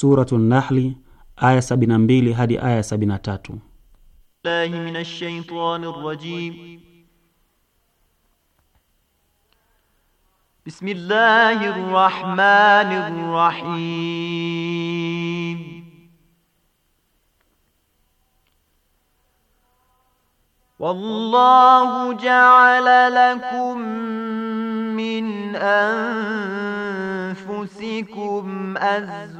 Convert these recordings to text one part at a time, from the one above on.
Suratu Nahli aya 72 hadi aya 73. Billahi minash shaitani rajim. Bismillahir rahmanir rahim. والله جعل لكم من أنفسكم أزواجا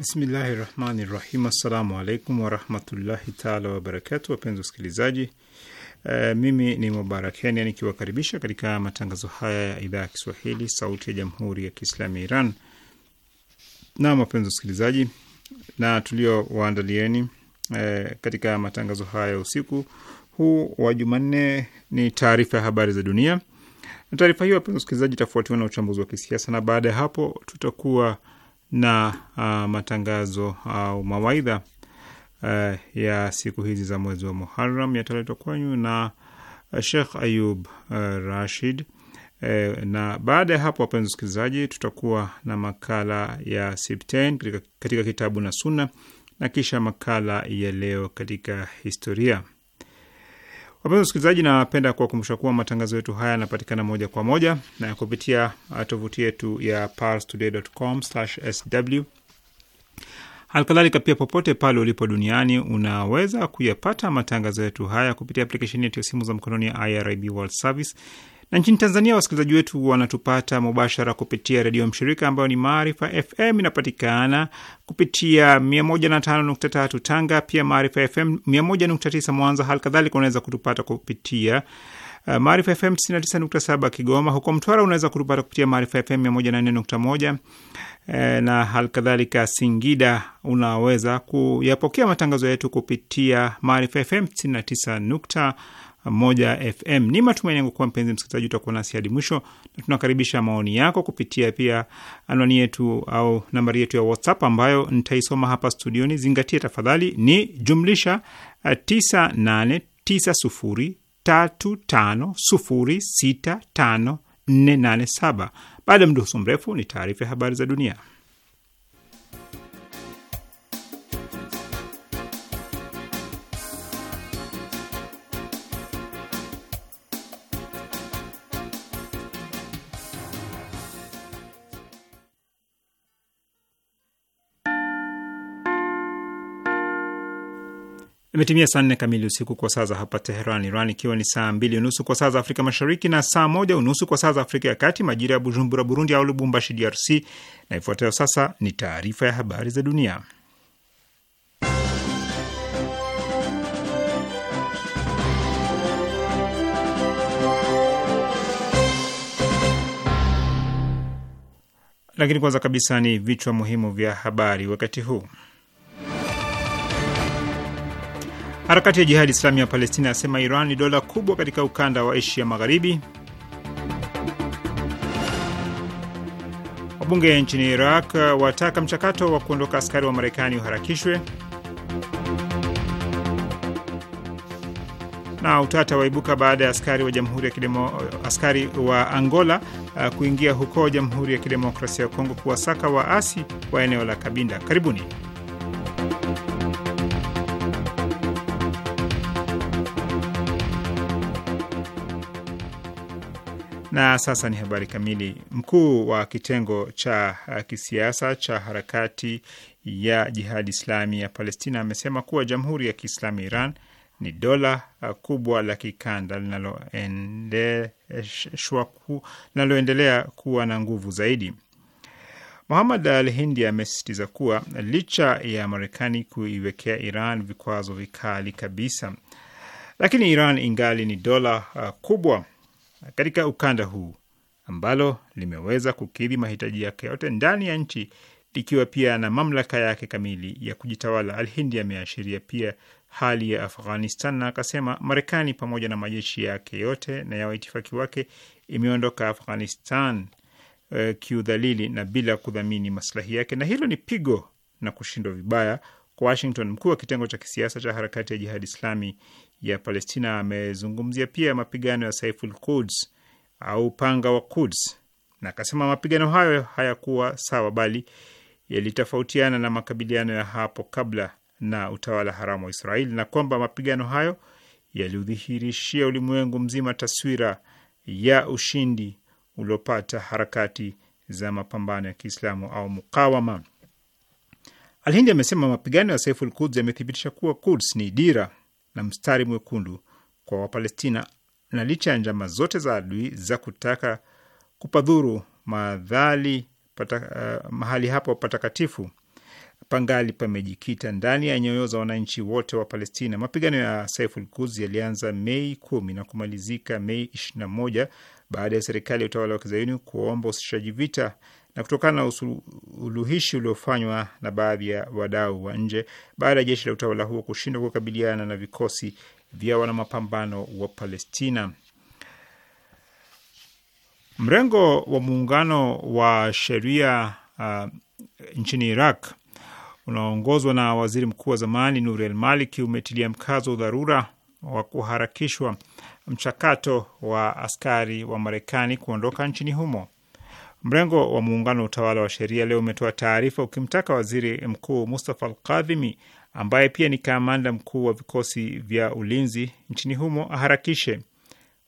Bismillahi rahmani rahim. Assalamu alaikum warahmatullahi taala wabarakatu. Wapenzi wasikilizaji, uh, mimi ni Mubarakeni nikiwakaribisha katika matangazo haya ya idhaa ya Kiswahili sauti ya jamhuri ya Kiislamu ya Iran. na wapenzi wasikilizaji, na tulio waandalieni uh, eh, katika matangazo haya ya usiku huu wa Jumanne ni taarifa ya habari za dunia, na taarifa hiyo wapenzi wasikilizaji, itafuatiwa na uchambuzi wa kisiasa, na baada ya hapo tutakuwa na uh, matangazo au ah, mawaidha uh, ya siku hizi za mwezi wa Muharram yataletwa kwenyu na eh, Sheikh Ayub uh, Rashid uh, na baada ya hapo, wapenzi wasikilizaji, tutakuwa na makala ya Sibtain katika, katika kitabu na Sunna na kisha makala ya leo katika historia. Wapenzi wasikilizaji, napenda kuwakumbusha kuwa matangazo yetu haya yanapatikana moja kwa moja na kupitia uh, tovuti yetu ya parstoday.com/sw. Halikadhalika pia, popote pale ulipo duniani unaweza kuyapata matangazo yetu haya kupitia aplikesheni yetu ya simu za mkononi ya IRIB World Service na nchini Tanzania, wasikilizaji wetu wanatupata mubashara kupitia redio mshirika ambayo ni Maarifa FM, inapatikana kupitia 105.3 Tanga, pia Maarifa FM 101.9 Mwanza. Hali kadhalika unaweza kutupata kupitia Uh, Maarifa FM 99.7 Kigoma. Huko Mtwara unaweza kutupata kupitia Maarifa FM 104.1, e, na uh, kadhalika Singida unaweza kuyapokea matangazo yetu kupitia Maarifa FM 99. Moja FM. Ni matumaini yangu kuwa mpenzi msikilizaji utakuwa nasi hadi mwisho, na tunakaribisha maoni yako kupitia pia anwani yetu au nambari yetu ya WhatsApp ambayo nitaisoma hapa studioni. Zingatia tafadhali, ni jumlisha 989035065487. Eh, Baada ya husu mrefu ni taarifa ya habari za dunia. Imetimia saa nne kamili usiku kwa saa za hapa Teheran, Iran, ikiwa ni saa mbili unusu kwa saa za Afrika Mashariki na saa moja unusu kwa saa za Afrika ya Kati, majira ya Bujumbura, Burundi, au Lubumbashi, DRC. Na ifuatayo sasa ni taarifa ya habari za dunia, lakini kwanza kabisa ni vichwa muhimu vya habari wakati huu. Harakati ya Jihadi Islami ya Palestina yasema Iran ni dola kubwa katika ukanda wa Asia Magharibi. Wabunge nchini Iraq wataka mchakato wa kuondoka askari wa Marekani uharakishwe, na utata waibuka baada ya askari wa jamhuri ya kidemo, askari wa Angola uh, kuingia huko Jamhuri ya Kidemokrasia ya Kongo kuwasaka waasi wa eneo la Kabinda. Karibuni. Na sasa ni habari kamili. Mkuu wa kitengo cha uh, kisiasa cha harakati ya Jihadi Islami ya Palestina amesema kuwa Jamhuri ya Kiislamu Iran ni dola uh, kubwa la kikanda linaloendelea kuwa na nguvu zaidi. Muhamad Al Hindi amesisitiza kuwa licha ya Marekani kuiwekea Iran vikwazo vikali kabisa, lakini Iran ingali ni dola uh, kubwa katika ukanda huu ambalo limeweza kukidhi mahitaji yake yote ndani ya nchi likiwa pia na mamlaka yake kamili ya kujitawala. Alhindi ameashiria pia hali ya Afghanistan na akasema Marekani pamoja na majeshi yake yote na ya waitifaki wake imeondoka Afghanistan uh, kiudhalili na bila kudhamini maslahi yake, na hilo ni pigo na kushindwa vibaya kwa Washington. Mkuu wa kitengo cha kisiasa cha harakati ya Jihadi Islami ya Palestina. Amezungumzia pia mapigano ya Saiful Quds au panga wa Quds, na akasema mapigano hayo hayakuwa sawa, bali yalitofautiana na makabiliano ya hapo kabla na utawala haramu wa Israeli, na kwamba mapigano hayo yaliudhihirishia ulimwengu mzima taswira ya ushindi uliopata harakati za mapambano ya Kiislamu au mukawama. Alhindi amesema mapigano ya Saiful Quds yamethibitisha kuwa Quds ni dira na mstari mwekundu kwa Wapalestina, na licha ya njama zote za adui za kutaka kupadhuru madhali pata, uh, mahali hapo patakatifu pangali pamejikita ndani ya nyoyo za wananchi wote wa Palestina. Mapigano ya Saiful Quds yalianza Mei kumi na kumalizika Mei ishirini na moja baada ya serikali ya utawala wa kizayuni kuomba usishaji vita na kutokana na usuluhishi uliofanywa na baadhi ya wadau wa nje baada ya jeshi la utawala huo kushindwa kukabiliana na vikosi vya wanamapambano wa Palestina. Mrengo wa muungano wa sheria uh, nchini Iraq unaoongozwa na waziri mkuu wa zamani Nuri al Maliki umetilia mkazo dharura wa kuharakishwa mchakato wa askari wa Marekani kuondoka nchini humo. Mrengo wa muungano wa utawala wa sheria leo umetoa taarifa ukimtaka waziri mkuu Mustafa Alkadhimi ambaye pia ni kamanda mkuu wa vikosi vya ulinzi nchini humo aharakishe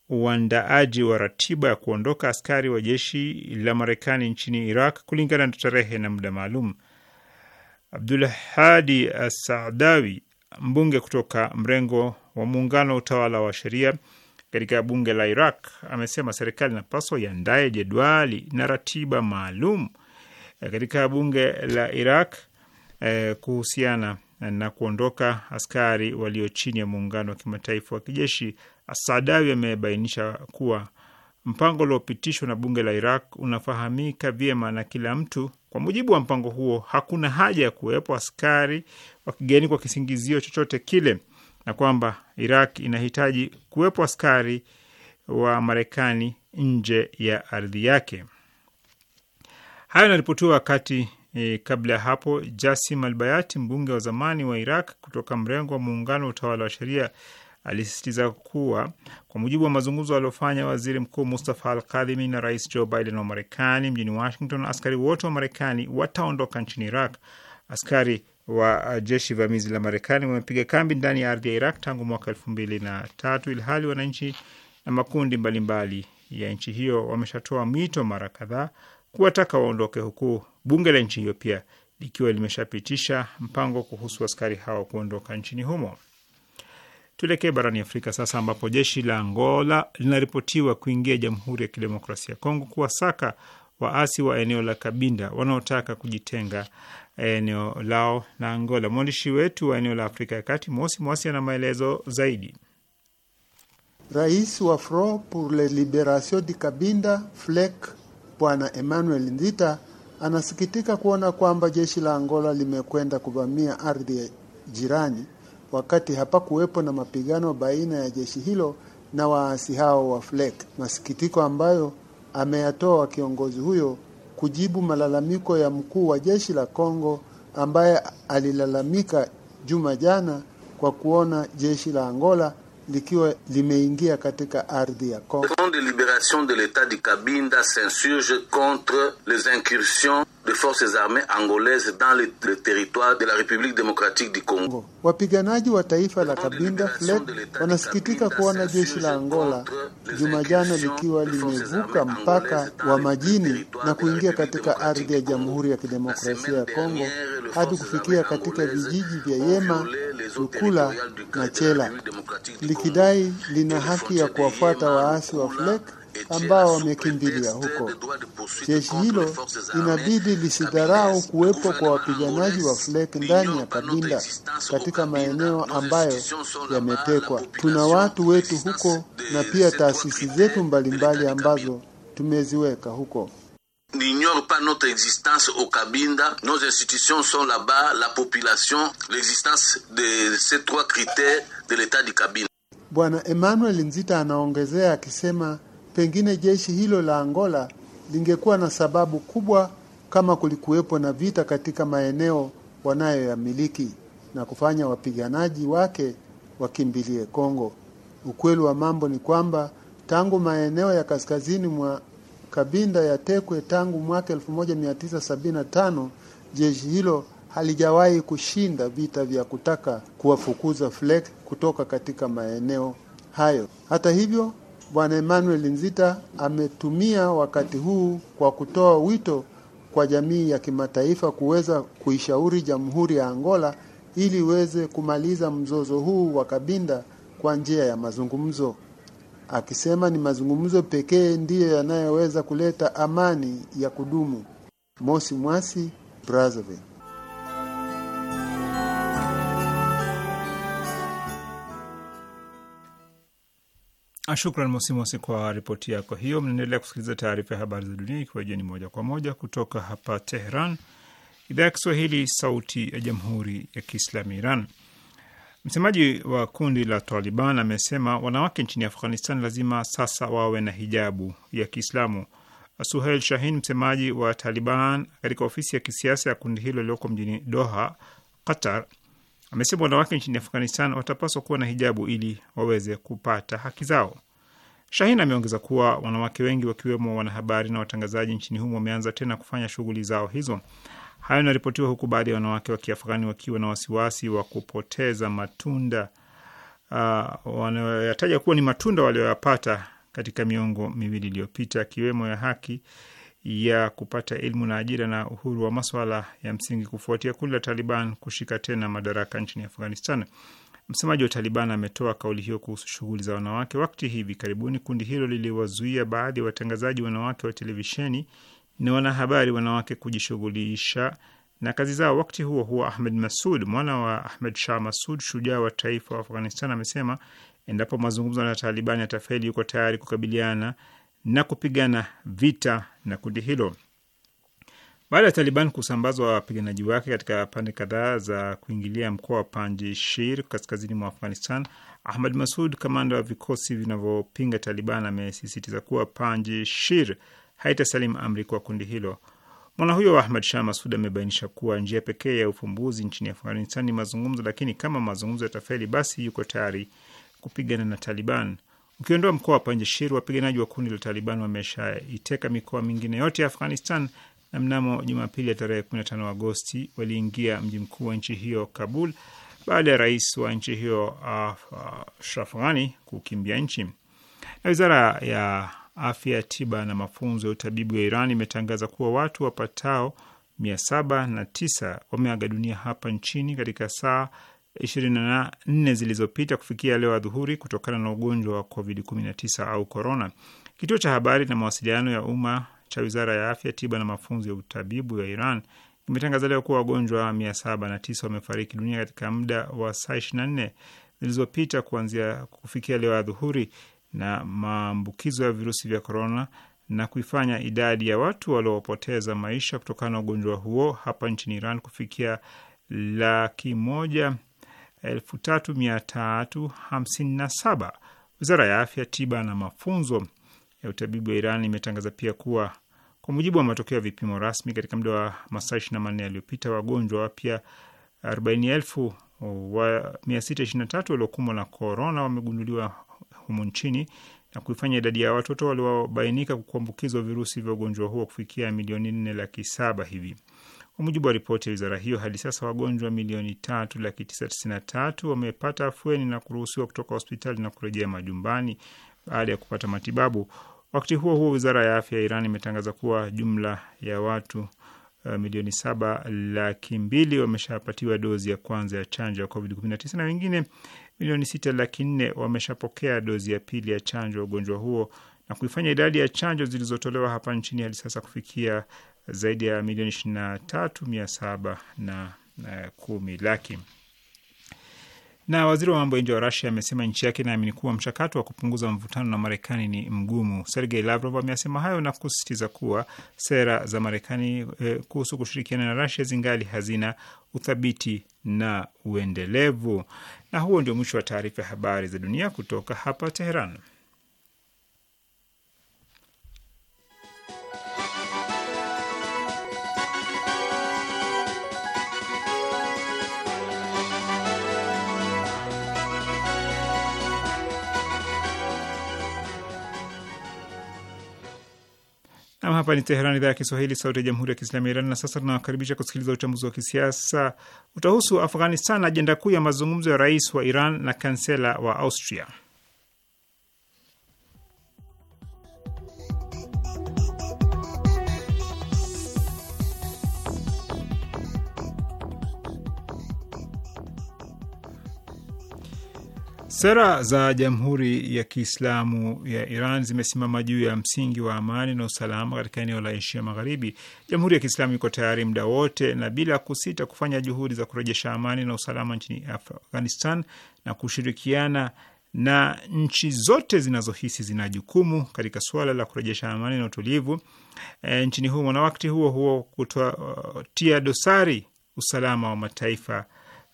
uandaaji wa ratiba ya kuondoka askari wa jeshi la Marekani nchini Iraq kulingana na tarehe na muda maalum. Abdul Hadi Asadawi, mbunge kutoka mrengo wa muungano wa utawala wa sheria katika bunge la Iraq amesema serikali inapaswa iandaye jedwali na ratiba maalum eh, katika bunge la Iraq eh, kuhusiana na kuondoka askari walio chini ya muungano wa kimataifa wa kijeshi. Sadawi amebainisha kuwa mpango uliopitishwa na bunge la Iraq unafahamika vyema na kila mtu. Kwa mujibu wa mpango huo, hakuna haja ya kuwepo askari wa kigeni kwa kisingizio chochote kile na kwamba Iraq inahitaji kuwepo askari wa Marekani nje ya ardhi yake. Hayo inaripotiwa wakati e, kabla ya hapo Jasim al bayati mbunge wa zamani wa Iraq kutoka mrengo wa muungano wa utawala wa sheria alisisitiza kuwa kwa mujibu wa mazungumzo aliofanya waziri mkuu Mustafa Al Kadhimi na rais Joe Biden wa Marekani mjini Washington, askari wote wa Marekani wataondoka nchini Iraq. Askari wa uh, jeshi vamizi la Marekani wamepiga kambi ndani ya ardhi ya Iraq tangu mwaka elfu mbili na tatu ilhali wananchi na makundi mbalimbali mbali ya nchi hiyo wameshatoa mito mara kadhaa kuwataka waondoke, huku bunge la nchi hiyo pia likiwa limeshapitisha mpango kuhusu askari hao kuondoka nchini humo. Tuelekee barani Afrika sasa, ambapo jeshi la Angola linaripotiwa kuingia Jamhuri ya Kidemokrasia ya Kongo kuwasaka waasi wa eneo la Kabinda wanaotaka kujitenga eneo lao la Angola. Mwandishi wetu wa eneo la Afrika ya Kati, Mosi Mwasi, ana maelezo zaidi. Rais wa Fro pour la Liberation di Kabinda FLEC Bwana Emmanuel Ndita anasikitika kuona kwamba jeshi la Angola limekwenda kuvamia ardhi ya jirani wakati hapa kuwepo na mapigano baina ya jeshi hilo na waasi hao wa FLEC, masikitiko ambayo ameyatoa kiongozi huyo kujibu malalamiko ya mkuu wa jeshi la Kongo ambaye alilalamika juma jana kwa kuona jeshi la Angola likiwa limeingia katika ardhi ya Kongo. Le Front de Liberation de du Kabinda s'insurge contre les incursions de forces angolaises dans le, le territoire de la République démocratique du Congo. Wapiganaji wa taifa la Kabinda FLEC wanasikitika kuona jeshi la Angola juma jana likiwa limevuka mpaka wa majini na kuingia katika ardhi ya Jamhuri ya Kidemokrasia ya Kongo hadi kufikia katika vijiji vya Yema Lukula na Chela likidai lina haki ya kuwafuata waasi wa FLEC ambao wamekimbilia huko. Jeshi hilo inabidi lisidharau kuwepo kwa wapiganaji wa FLEC ndani ya Kabinda katika maeneo ambayo yametekwa. Tuna watu wetu huko na pia taasisi zetu mbalimbali ambazo tumeziweka huko n'ignore pas notre existence au Kabinda. Nos institutions sont là-bas, la population, l'existence de ces trois critères de l'état du Kabinda. Bwana Emmanuel Nzita anaongezea akisema pengine jeshi hilo la Angola lingekuwa na sababu kubwa kama kulikuwepo na vita katika maeneo wanayoyamiliki na kufanya wapiganaji wake wakimbilie Kongo. Ukweli wa mambo ni kwamba tangu maeneo ya kaskazini mwa Kabinda ya Tekwe tangu mwaka 1975 jeshi hilo halijawahi kushinda vita vya kutaka kuwafukuza FLEC kutoka katika maeneo hayo. Hata hivyo, Bwana Emmanuel Nzita ametumia wakati huu kwa kutoa wito kwa jamii ya kimataifa kuweza kuishauri Jamhuri ya Angola ili iweze kumaliza mzozo huu wa Kabinda kwa njia ya mazungumzo akisema ni mazungumzo pekee ndiyo yanayoweza kuleta amani ya kudumu. Mosi Mwasi, Brazzaville. Ah, shukran Mosi Mosi kwa ripoti yako hiyo. Mnaendelea kusikiliza taarifa ya habari za dunia, ikiwa ni moja kwa moja kutoka hapa Tehran, idhaa ya Kiswahili, sauti ya jamhuri ya kiislamu Iran. Msemaji wa kundi la Taliban amesema wanawake nchini Afghanistan lazima sasa wawe na hijabu ya Kiislamu. Suhel Shahin, msemaji wa Taliban katika ofisi ya kisiasa ya kundi hilo iliyoko mjini Doha, Qatar, amesema wanawake nchini Afghanistan watapaswa kuwa na hijabu ili waweze kupata haki zao. Shahin ameongeza kuwa wanawake wengi wakiwemo wanahabari na watangazaji nchini humo wameanza tena kufanya shughuli zao hizo. Hayo inaripotiwa huku baadhi ya wanawake wa Kiafghani wakiwa na wasiwasi wa kupoteza matunda uh, wanayoyataja kuwa ni matunda walioyapata katika miongo miwili iliyopita, akiwemo ya haki ya kupata elimu na ajira na uhuru wa maswala ya msingi kufuatia kundi la Taliban kushika tena madaraka nchini Afghanistan. Msemaji wa Taliban ametoa kauli hiyo kuhusu shughuli za wanawake. Wakati hivi karibuni kundi hilo liliwazuia baadhi ya watangazaji wanawake wa televisheni ni wanahabari wanawake kujishughulisha na kazi zao. Wakati huo huo, Ahmed Masud, mwana wa Ahmed Shah Masud, shujaa wa taifa wa Afghanistan, amesema endapo mazungumzo na Taliban yatafeli, yuko tayari kukabiliana na kupigana vita na kundi hilo. Baada ya Taliban kusambazwa wapiganaji wake katika pande kadhaa za kuingilia mkoa wa Panjshir kaskazini mwa Afghanistan, Ahmad Masud, kamanda wa vikosi vinavyopinga Taliban, amesisitiza kuwa Panjshir haitasalimu amri kwa kundi hilo. Mwana huyo wa Ahmad Shah Masud amebainisha kuwa njia pekee ya ufumbuzi nchini Afghanistan ni mazungumzo, lakini kama mazungumzo yatafeli, basi yuko tayari kupigana na Taliban. Ukiondoa mkoa wa Panjeshir, wapiganaji wa kundi la Taliban wameshaiteka mikoa mingine yote ya Afghanistan na mnamo Jumapili ya tarehe 15 Agosti waliingia mji mkuu wa nchi hiyo Kabul, baada ya rais wa nchi hiyo Ashraf Ghani kukimbia nchi. Na wizara ya afya tiba na mafunzo ya utabibu ya Iran imetangaza kuwa watu wapatao 709 wameaga dunia hapa nchini katika saa 24 zilizopita kufikia leo adhuhuri kutokana na ugonjwa wa COVID-19 au korona. Kituo cha habari na mawasiliano ya umma cha wizara ya afya, tiba na mafunzo ya utabibu ya Iran imetangaza leo kuwa wagonjwa 709 wamefariki dunia katika muda wa saa 24 zilizopita kuanzia kufikia leo adhuhuri, na maambukizo ya virusi vya korona na kuifanya idadi ya watu waliopoteza maisha kutokana na ugonjwa huo hapa nchini Iran kufikia laki moja elfu tatu mia tatu hamsini na saba. Wizara ya Afya, Tiba na Mafunzo ya Utabibu wa Iran imetangaza pia kuwa kwa mujibu wa matokeo ya vipimo rasmi katika muda wa masaa ishirini na manne yaliyopita wagonjwa wapya arobaini elfu mia sita ishirini na tatu waliokumbwa na korona wamegunduliwa humu nchini na kuifanya idadi ya watoto waliobainika kuambukizwa virusi vya ugonjwa huo kufikia milioni nne laki saba hivi. Kwa mujibu wa ripoti ya wizara hiyo, hadi sasa wagonjwa milioni tatu laki tisa tisini na tatu wamepata afueni na kuruhusiwa kutoka hospitali na kurejea majumbani baada ya kupata matibabu. Wakati huo huo, wizara ya afya ya Iran imetangaza kuwa jumla ya watu uh, milioni saba laki mbili wameshapatiwa dozi ya kwanza ya chanjo ya COVID-19 na wengine milioni sita laki nne wameshapokea dozi ya pili ya chanjo ya ugonjwa huo na kuifanya idadi ya chanjo zilizotolewa hapa nchini hadi sasa kufikia zaidi ya milioni ishirini na tatu mia saba na kumi laki. Na waziri wa mambo ya nje wa Rusia amesema nchi yake inaamini kuwa mchakato wa kupunguza mvutano na Marekani ni mgumu. Sergei Lavrov amesema hayo na kusisitiza kuwa sera za Marekani eh, kuhusu kushirikiana na Rusia zingali hazina uthabiti na uendelevu. Na huo ndio mwisho wa taarifa ya habari za dunia kutoka hapa Teheran. Hapa ni Teheran, idhaa ya Kiswahili, sauti ya jamhuri ya kiislamu ya Iran. Na sasa tunawakaribisha kusikiliza uchambuzi wa kisiasa. Utahusu Afghanistan, ajenda kuu ya mazungumzo ya rais wa Iran na kansela wa Austria. Sera za Jamhuri ya Kiislamu ya Iran zimesimama juu ya msingi wa amani na usalama katika eneo la Asia Magharibi. Jamhuri ya Kiislamu iko tayari muda wote na bila kusita kufanya juhudi za kurejesha amani na usalama nchini Afghanistan na kushirikiana na nchi zote zinazohisi zina jukumu katika suala la kurejesha amani na utulivu e, nchini humo, na wakati huo huo kutotia dosari usalama wa mataifa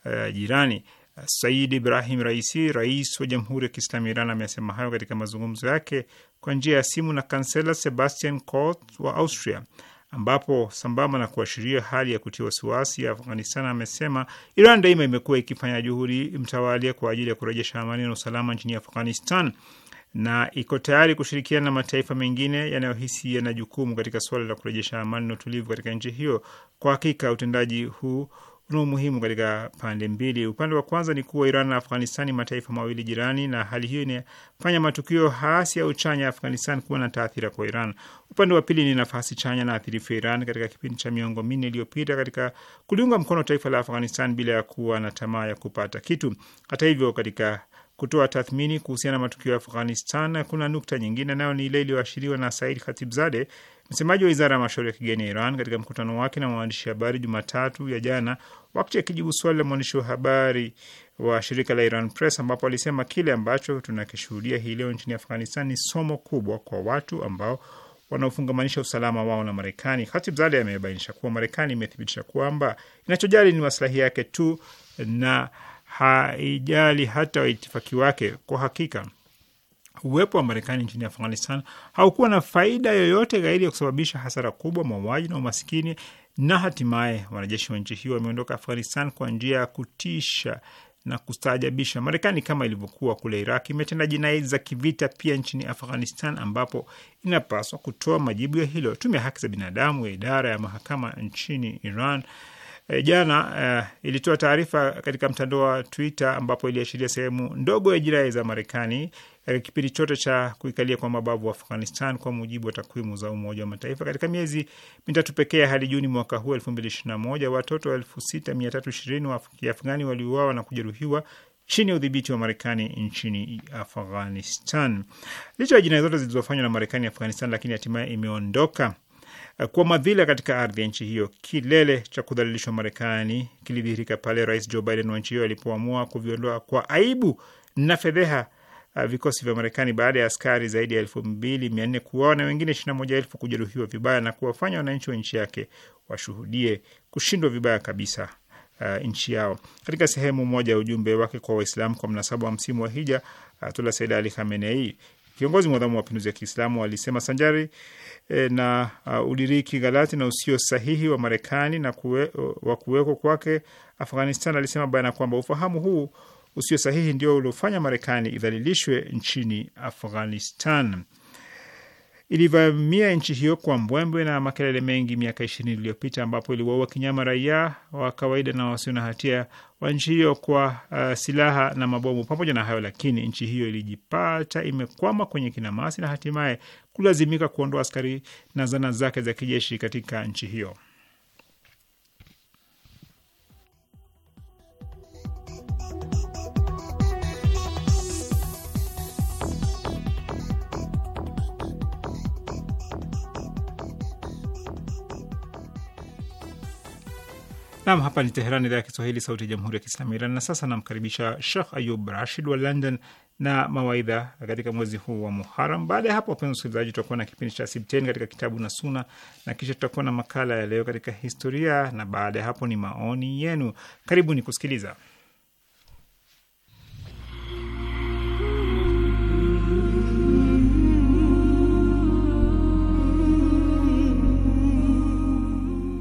e, jirani. Said Ibrahim Raisi, rais wa Jamhuri ya Kiislamu ya Iran, amesema hayo katika mazungumzo yake kwa njia ya simu na kansela Sebastian Kurz wa Austria, ambapo sambamba na kuashiria hali ya kutia wasiwasi ya Afghanistan, amesema Iran daima imekuwa ikifanya juhudi mtawalia kwa ajili ya kurejesha amani na usalama nchini Afghanistan na iko tayari kushirikiana na mataifa mengine yanayohisi yana jukumu katika suala la kurejesha amani na utulivu katika nchi hiyo. Kwa hakika utendaji huu kuna umuhimu katika pande mbili. Upande wa kwanza ni kuwa Iran na Afghanistani mataifa mawili jirani, na hali hiyo inafanya matukio hasi au chanya ya Afghanistan kuwa na taathira kwa Iran. Upande wa pili ni nafasi chanya na athirifu ya Iran katika kipindi cha miongo minne iliyopita katika kuliunga mkono taifa la Afghanistan bila ya kuwa na tamaa ya kupata kitu. Hata hivyo, katika kutoa tathmini kuhusiana na matukio ya Afghanistan, kuna nukta nyingine nayo ni ile iliyoashiriwa na Said Khatibzade, msemaji wa wizara ya mashauri ya kigeni ya Iran, katika mkutano wake na waandishi habari Jumatatu ya jana, wakati akijibu swali la mwandishi wa habari wa shirika la Iran Press, ambapo alisema kile ambacho tunakishuhudia hii leo nchini Afghanistan ni somo kubwa kwa watu ambao wanaofungamanisha usalama wao na Marekani. Khatibzadeh amebainisha kuwa Marekani imethibitisha kwamba inachojali ni maslahi yake tu na haijali hata waitifaki wake. Kwa hakika uwepo wa Marekani nchini Afghanistan haukuwa na faida yoyote gaidi ya kusababisha hasara kubwa, mauaji na umasikini, na hatimaye wanajeshi wa nchi hiyo wameondoka Afghanistan kwa njia ya kutisha na kustaajabisha. Marekani kama ilivyokuwa kule Iraq imetenda jinai za kivita pia nchini Afghanistan, ambapo inapaswa kutoa majibu ya hilo. Tume ya haki za binadamu ya idara ya mahakama nchini Iran e, jana e, ilitoa taarifa katika mtandao wa Twitter ambapo iliashiria sehemu ndogo ya jirai za Marekani katika e, kipindi chote cha kuikalia kwa mabavu wa Afghanistan kwa mujibu wa takwimu za Umoja wa Mataifa. Katika miezi mitatu pekee hadi Juni mwaka huu 2021 watoto 6320 wa Kiafghani waliuawa na kujeruhiwa chini ya udhibiti wa Marekani nchini Afghanistan. Licha ya jinai zote zilizofanywa na Marekani Afghanistan, lakini hatimaye imeondoka kwa madhila katika ardhi ya nchi hiyo. Kilele cha kudhalilishwa Marekani kilidhihirika pale Rais Joe Biden wa nchi hiyo alipoamua kuviondoa kwa aibu na fedheha uh, vikosi vya Marekani baada ya askari zaidi ya elfu mbili mia nne kuuawa na wengine ishirini na moja elfu kujeruhiwa vibaya na kuwafanya wananchi wa nchi yake washuhudie kushindwa vibaya kabisa uh, nchi yao. Katika sehemu moja ya ujumbe wake kwa Waislamu kwa mnasaba wa msimu wa hija, uh, Ayatullah Sayyid Ali Khamenei Viongozi mwadhamu wa mapinduzi ya Kiislamu walisema sanjari e, na uh, udiriki ghalati na usio sahihi wa Marekani na kuwe, wa kuwekwa kwake Afghanistan, alisema bayana kwamba ufahamu huu usio sahihi ndio uliofanya Marekani idhalilishwe nchini Afghanistan ilivamia nchi hiyo kwa mbwembwe na makelele mengi miaka ishirini iliyopita ambapo iliwaua kinyama raia wa kawaida na wasio na hatia wa nchi hiyo kwa uh, silaha na mabomu. Pamoja na hayo lakini, nchi hiyo ilijipata imekwama kwenye kinamasi na hatimaye kulazimika kuondoa askari na zana zake za kijeshi katika nchi hiyo. Nam, hapa ni Teheran, idhaa ya Kiswahili, sauti ya jamhuri ya kiislamu Iran. Na sasa namkaribisha Shekh Ayub Rashid wa London na mawaidha katika mwezi huu wa Muharam. Baada ya hapo, wapenzi wasikilizaji, tutakuwa na kipindi cha Sibteni katika kitabu na Suna, na kisha tutakuwa na makala ya leo katika historia, na baada ya hapo ni maoni yenu. Karibuni kusikiliza.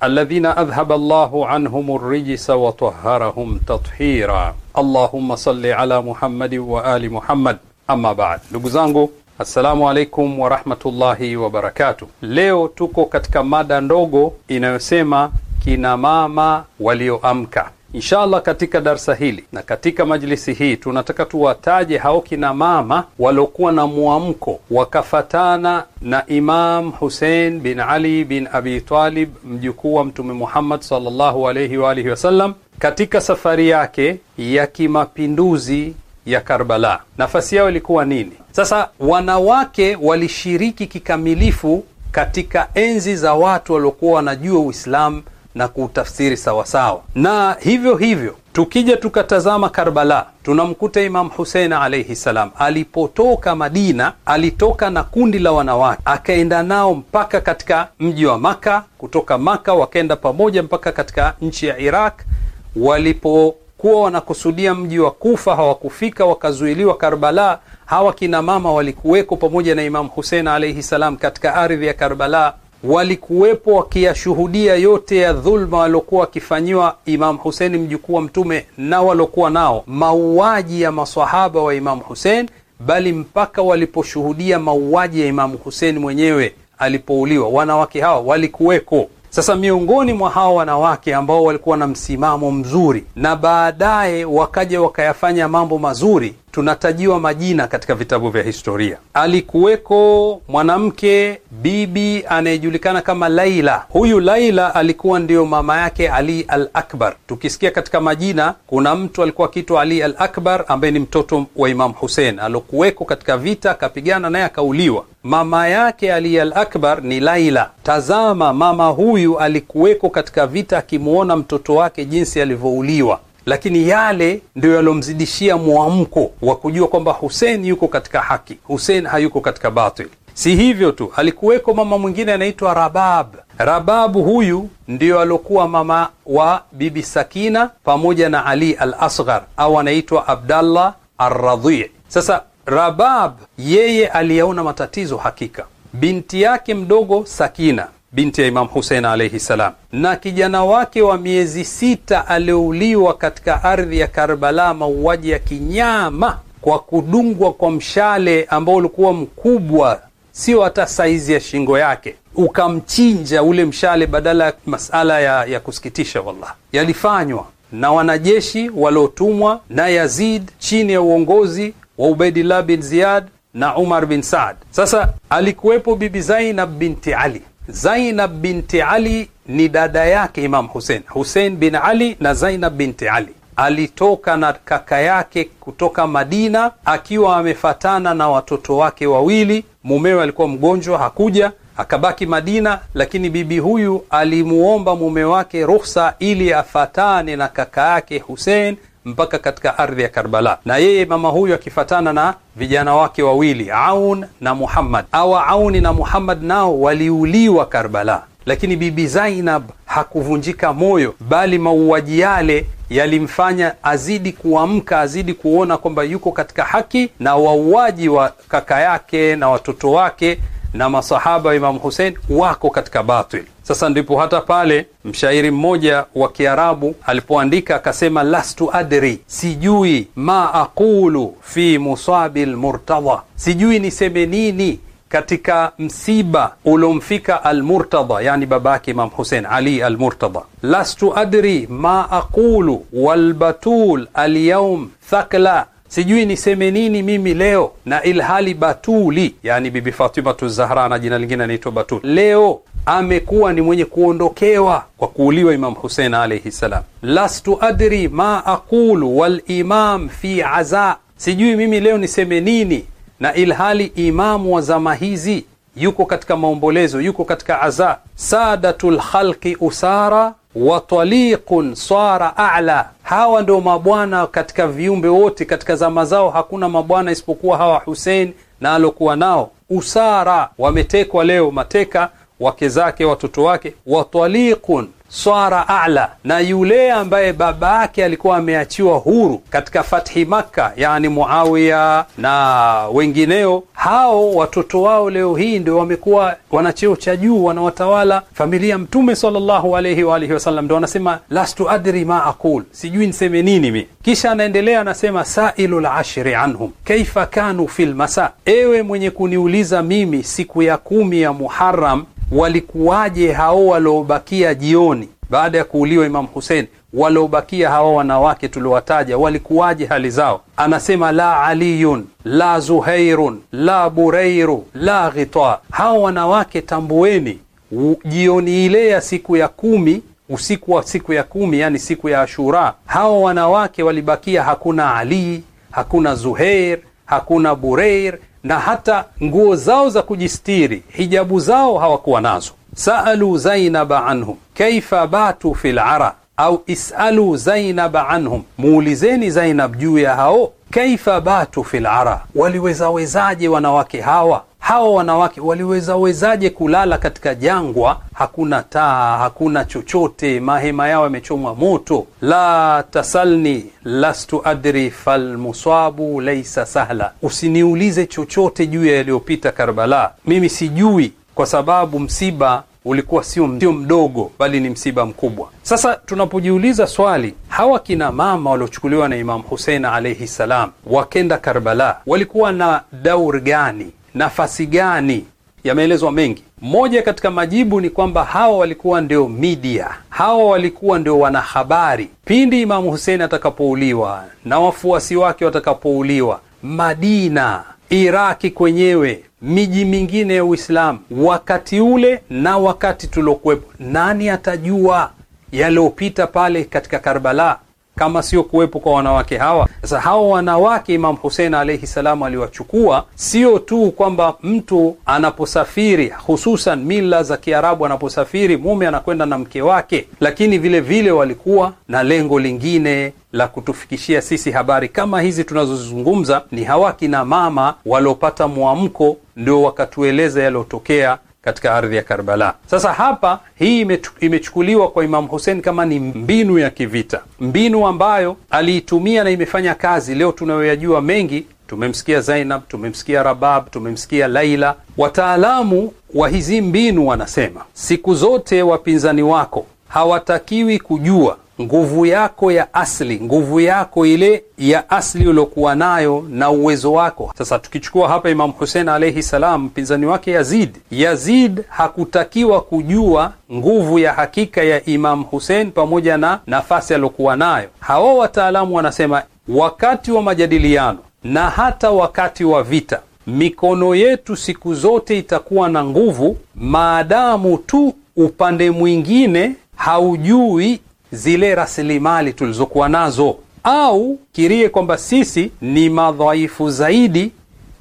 alladhina adhhaba Allahu anhum rijsa wa tahharahum tathira. Allahumma salli ala Muhammadi wa ali Muhammad. Amma bad ndugu zangu, assalamu alaikum wa rahmatullahi wa barakatuh. Leo tuko katika mada ndogo inayosema kina mama walioamka inshaallah katika darsa hili na katika majlisi hii tunataka tuwataje hao kina mama waliokuwa na mwamko wakafatana na Imam husein bin Ali bin Abi Talib, mjukuu wa Mtume Muhammad sallallahu alayhi wa alihi wasallam, katika safari yake ya kimapinduzi ya Karbala. Nafasi yao ilikuwa nini? Sasa wanawake walishiriki kikamilifu katika enzi za watu waliokuwa wanajua Uislamu na kuutafsiri sawasawa. Na hivyo hivyo tukija tukatazama Karbala, tunamkuta Imam Husein alaihi salam alipotoka Madina, alitoka na kundi la wanawake akaenda nao mpaka katika mji wa Maka. Kutoka Maka wakaenda pamoja mpaka katika nchi ya Iraq. Walipokuwa wanakusudia mji wa Kufa hawakufika, wakazuiliwa Karbala. Hawa kinamama walikuweko pamoja na Imam Husein alaihi salam katika ardhi ya Karbala walikuwepo wakiyashuhudia yote ya dhulma waliokuwa wakifanyiwa Imamu Husein mjukuu wa Mtume na waliokuwa nao, mauaji ya masahaba wa Imamu Husein, bali mpaka waliposhuhudia mauaji ya Imamu Husein mwenyewe alipouliwa, wanawake hawa walikuweko. Sasa miongoni mwa hawa wanawake ambao walikuwa na msimamo mzuri na baadaye wakaja wakayafanya mambo mazuri tunatajiwa majina katika vitabu vya historia. Alikuweko mwanamke bibi anayejulikana kama Laila. Huyu Laila alikuwa ndiyo mama yake Ali al Akbar. Tukisikia katika majina, kuna mtu alikuwa akiitwa Ali al Akbar ambaye ni mtoto wa Imamu Husein, alokuweko katika vita, akapigana naye akauliwa. Mama yake Ali al Akbar ni Laila. Tazama, mama huyu alikuweko katika vita, akimwona mtoto wake jinsi alivyouliwa lakini yale ndio yalomzidishia mwamko wa kujua kwamba husen yuko katika haki, husen hayuko katika batil. Si hivyo tu, alikuweko mama mwingine anaitwa Rabab. Rababu huyu ndiyo alokuwa mama wa Bibi Sakina pamoja na Ali al Asghar, au anaitwa Abdallah Arradhi. Sasa Rabab yeye aliyaona matatizo hakika, binti yake mdogo Sakina binti ya Imam Husein alaihi salam, na kijana wake wa miezi sita aliouliwa katika ardhi ya Karbala, mauaji ya kinyama kwa kudungwa kwa mshale ambao ulikuwa mkubwa, sio hata saizi ya shingo yake, ukamchinja ule mshale. Badala ya masala ya, ya kusikitisha, wallah, yalifanywa na wanajeshi waliotumwa na Yazid chini ya uongozi wa Ubaidillah bin Ziyad na Umar bin Saad. Sasa alikuwepo Bibi Zainab binti Ali Zainab binti Ali ni dada yake Imam Hussein. Hussein bin Ali na Zainab binti Ali alitoka na kaka yake kutoka Madina akiwa amefatana na watoto wake wawili. Mumewe alikuwa mgonjwa, hakuja akabaki Madina, lakini bibi huyu alimuomba mume wake ruhusa ili afatane na kaka yake Hussein mpaka katika ardhi ya Karbala, na yeye mama huyu akifatana na vijana wake wawili Aun na Muhammad. Awa Auni na Muhammad nao waliuliwa Karbala, lakini Bibi Zainab hakuvunjika moyo, bali mauaji yale yalimfanya azidi kuamka, azidi kuona kwamba yuko katika haki, na wauaji wa kaka yake na watoto wake na masahaba wa Imamu Husein wako katika batil. Sasa ndipo hata pale mshairi mmoja wa Kiarabu alipoandika akasema, lastu adri, sijui ma aqulu fi musabi lmurtada sijui niseme nini katika msiba ulomfika almurtada yani baba yake Imam Husein Ali almurtada Lastu adri ma aqulu walbatul alyaum thakla sijui niseme nini mimi leo, na ilhali Batuli, yani Bibi Fatimatu Zahra na jina lingine anaitwa Batuli, leo amekuwa ni mwenye kuondokewa kwa kuuliwa Imam Husein alaihi ssalam. Lastu adri ma aqulu walimam fi aza, sijui mimi leo niseme nini, na ilhali imamu wa zama hizi yuko katika maombolezo, yuko katika aza. Sadatu lkhalqi usara wa taliqun sara a'la. Hawa ndio mabwana katika viumbe wote, katika zama zao hakuna mabwana isipokuwa hawa Hussein na alokuwa nao. Usara wametekwa leo mateka, wake zake, watoto wake. wa taliqun swara a'la, na yule ambaye baba yake alikuwa ameachiwa huru katika fathi Makka, yani Muawiya na wengineo, hao watoto wao leo hii ndio wamekuwa wana cheo cha juu, wanawatawala familia Mtume sallallahu alayhi wa alihi wasallam, wanasema lastu adri ma aqul, sijui niseme nini mi. Kisha anaendelea anasema, sailu lashri anhum kaifa kanu fi lmasa, ewe mwenye kuniuliza mimi siku ya kumi ya muharam walikuwaje hao waliobakia jioni baada ya kuuliwa Imam Hussein, waliobakia hawa wanawake tuliwataja walikuwaje hali zao? Anasema la aliyun la zuhairun la bureiru la ghita. Hawa wanawake tambueni, jioni ile ya siku ya kumi usiku wa siku ya kumi, yani siku ya Ashura, hawa wanawake walibakia, hakuna Ali, hakuna Zuhair, hakuna Bureir, na hata nguo zao za kujistiri hijabu zao hawakuwa nazo. Saalu Zainaba anhum kaifa batu fi lara au isalu Zainaba anhum, muulizeni Zainab juu ya hao kaifa batu fi lara waliwezawezaje wanawake hawa hawa wanawake waliwezawezaje kulala katika jangwa? Hakuna taa, hakuna chochote, mahema yao yamechomwa moto. La tasalni lastu adri falmusabu laisa sahla, usiniulize chochote juu ya yaliyopita Karbala, mimi sijui, kwa sababu msiba ulikuwa sio mdogo, bali ni msiba mkubwa. Sasa tunapojiuliza swali, hawa kina mama waliochukuliwa na Imamu Husein alaihi salam wakenda Karbala walikuwa na daur gani? nafasi gani? Yameelezwa mengi. Moja katika majibu ni kwamba hawa walikuwa ndio media, hawa walikuwa ndio wanahabari. Pindi Imamu Husein atakapouliwa na wafuasi wake watakapouliwa, Madina, Iraki kwenyewe, miji mingine ya Uislamu wakati ule na wakati tuliokuwepo, nani atajua yaliyopita pale katika Karbala? kama sio kuwepo kwa wanawake hawa. Sasa hawa wanawake Imam Husein alaihi salam aliwachukua, sio tu kwamba mtu anaposafiri, hususan mila za Kiarabu, anaposafiri mume anakwenda na mke wake, lakini vile vile walikuwa na lengo lingine la kutufikishia sisi habari kama hizi tunazozizungumza. Ni hawa kina mama waliopata mwamko, ndio wakatueleza yaliyotokea katika ardhi ya Karbala. Sasa hapa hii imechukuliwa kwa Imamu Hussein kama ni mbinu ya kivita, mbinu ambayo aliitumia na imefanya kazi. Leo tunayoyajua mengi, tumemsikia Zainab, tumemsikia Rabab, tumemsikia Laila. Wataalamu wa hizi mbinu wanasema siku zote wapinzani wako hawatakiwi kujua nguvu yako ya asli, nguvu yako ile ya asli uliokuwa nayo na uwezo wako. Sasa tukichukua hapa Imam Hussein alayhi salam, mpinzani wake Yazid, Yazid hakutakiwa kujua nguvu ya hakika ya Imam Hussein pamoja na nafasi aliyokuwa nayo. Hawa wataalamu wanasema wakati wa majadiliano na hata wakati wa vita, mikono yetu siku zote itakuwa na nguvu maadamu tu upande mwingine haujui zile rasilimali tulizokuwa nazo, au kirie kwamba sisi ni madhaifu zaidi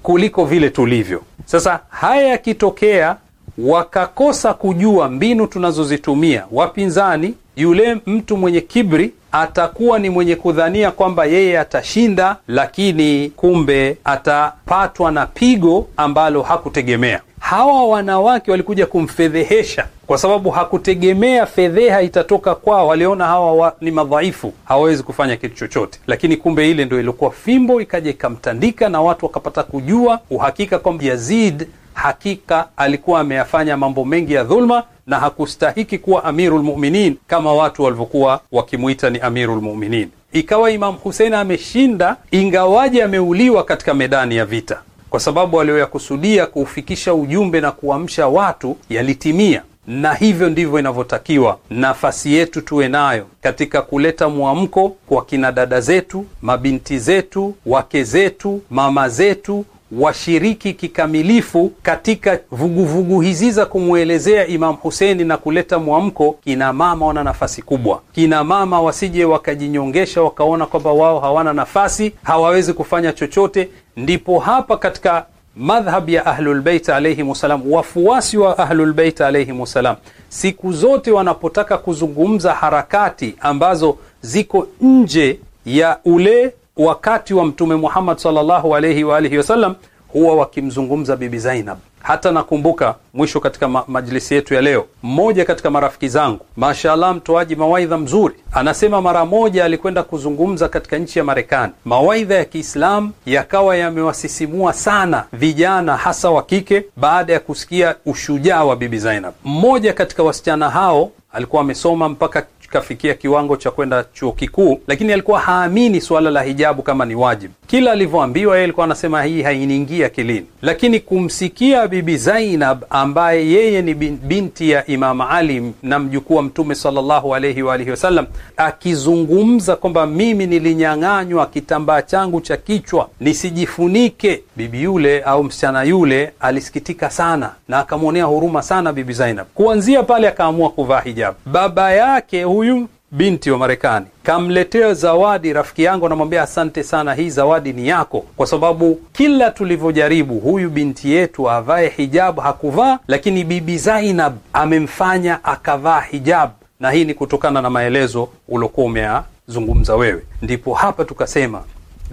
kuliko vile tulivyo. Sasa haya yakitokea, wakakosa kujua mbinu tunazozitumia wapinzani, yule mtu mwenye kibri atakuwa ni mwenye kudhania kwamba yeye atashinda, lakini kumbe atapatwa na pigo ambalo hakutegemea hawa wanawake walikuja kumfedhehesha kwa sababu hakutegemea fedheha itatoka kwao. Waliona hawa wa, ni madhaifu, hawawezi kufanya kitu chochote, lakini kumbe ile ndo ilikuwa fimbo, ikaja ikamtandika na watu wakapata kujua uhakika kwamba Yazid hakika alikuwa ameyafanya mambo mengi ya dhulma na hakustahiki kuwa amirulmuminin kama watu walivyokuwa wakimwita ni amirulmuminin Ikawa Imam Husein ameshinda, ingawaje ameuliwa katika medani ya vita kwa sababu aliyoyakusudia kuufikisha ujumbe na kuamsha watu yalitimia, na hivyo ndivyo inavyotakiwa. Nafasi yetu tuwe nayo katika kuleta mwamko kwa kina dada zetu, mabinti zetu, wake zetu, mama zetu washiriki kikamilifu katika vuguvugu hizi za kumwelezea Imam Huseni na kuleta mwamko. Kina mama wana nafasi kubwa. Kina mama wasije wakajinyongesha, wakaona kwamba wao hawana nafasi, hawawezi kufanya chochote. Ndipo hapa katika madhhab ya Ahlulbeit alaihim wassalam, wafuasi wa Ahlulbeit alaihim wassalam, siku zote wanapotaka kuzungumza harakati ambazo ziko nje ya ule wakati wa Mtume Muhammad sallallahu alaihi wa alihi wasallam huwa wakimzungumza Bibi Zainab. Hata nakumbuka mwisho katika ma majlisi yetu ya leo, mmoja katika marafiki zangu, mashallah, mtoaji mawaidha mzuri, anasema mara moja alikwenda kuzungumza katika nchi ya Marekani. Mawaidha ya Kiislamu yakawa yamewasisimua sana vijana, hasa wa kike, baada ya kusikia ushujaa wa Bibi Zainab. Mmoja katika wasichana hao alikuwa amesoma mpaka kafikia kiwango cha kwenda chuo kikuu, lakini alikuwa haamini suala la hijabu kama ni wajibu. Kila alivyoambiwa yeye alikuwa anasema hii hainiingia akilini, lakini kumsikia Bibi Zainab ambaye yeye ni binti ya Imam Ali na mjukuu wa Mtume sallallahu alayhi wa alihi wasallam akizungumza kwamba mimi nilinyang'anywa kitambaa changu cha kichwa nisijifunike, bibi yule au msichana yule alisikitika sana na akamwonea huruma sana Bibi Zainab. Kuanzia pale akaamua kuvaa hijabu. Baba yake huyu huyu binti wa Marekani kamletea zawadi rafiki yangu, anamwambia asante sana, hii zawadi ni yako, kwa sababu kila tulivyojaribu huyu binti yetu avae hijab hakuvaa, lakini Bibi Zainab amemfanya akavaa hijab na hii ni kutokana na maelezo uliokuwa umeyazungumza wewe. Ndipo hapa tukasema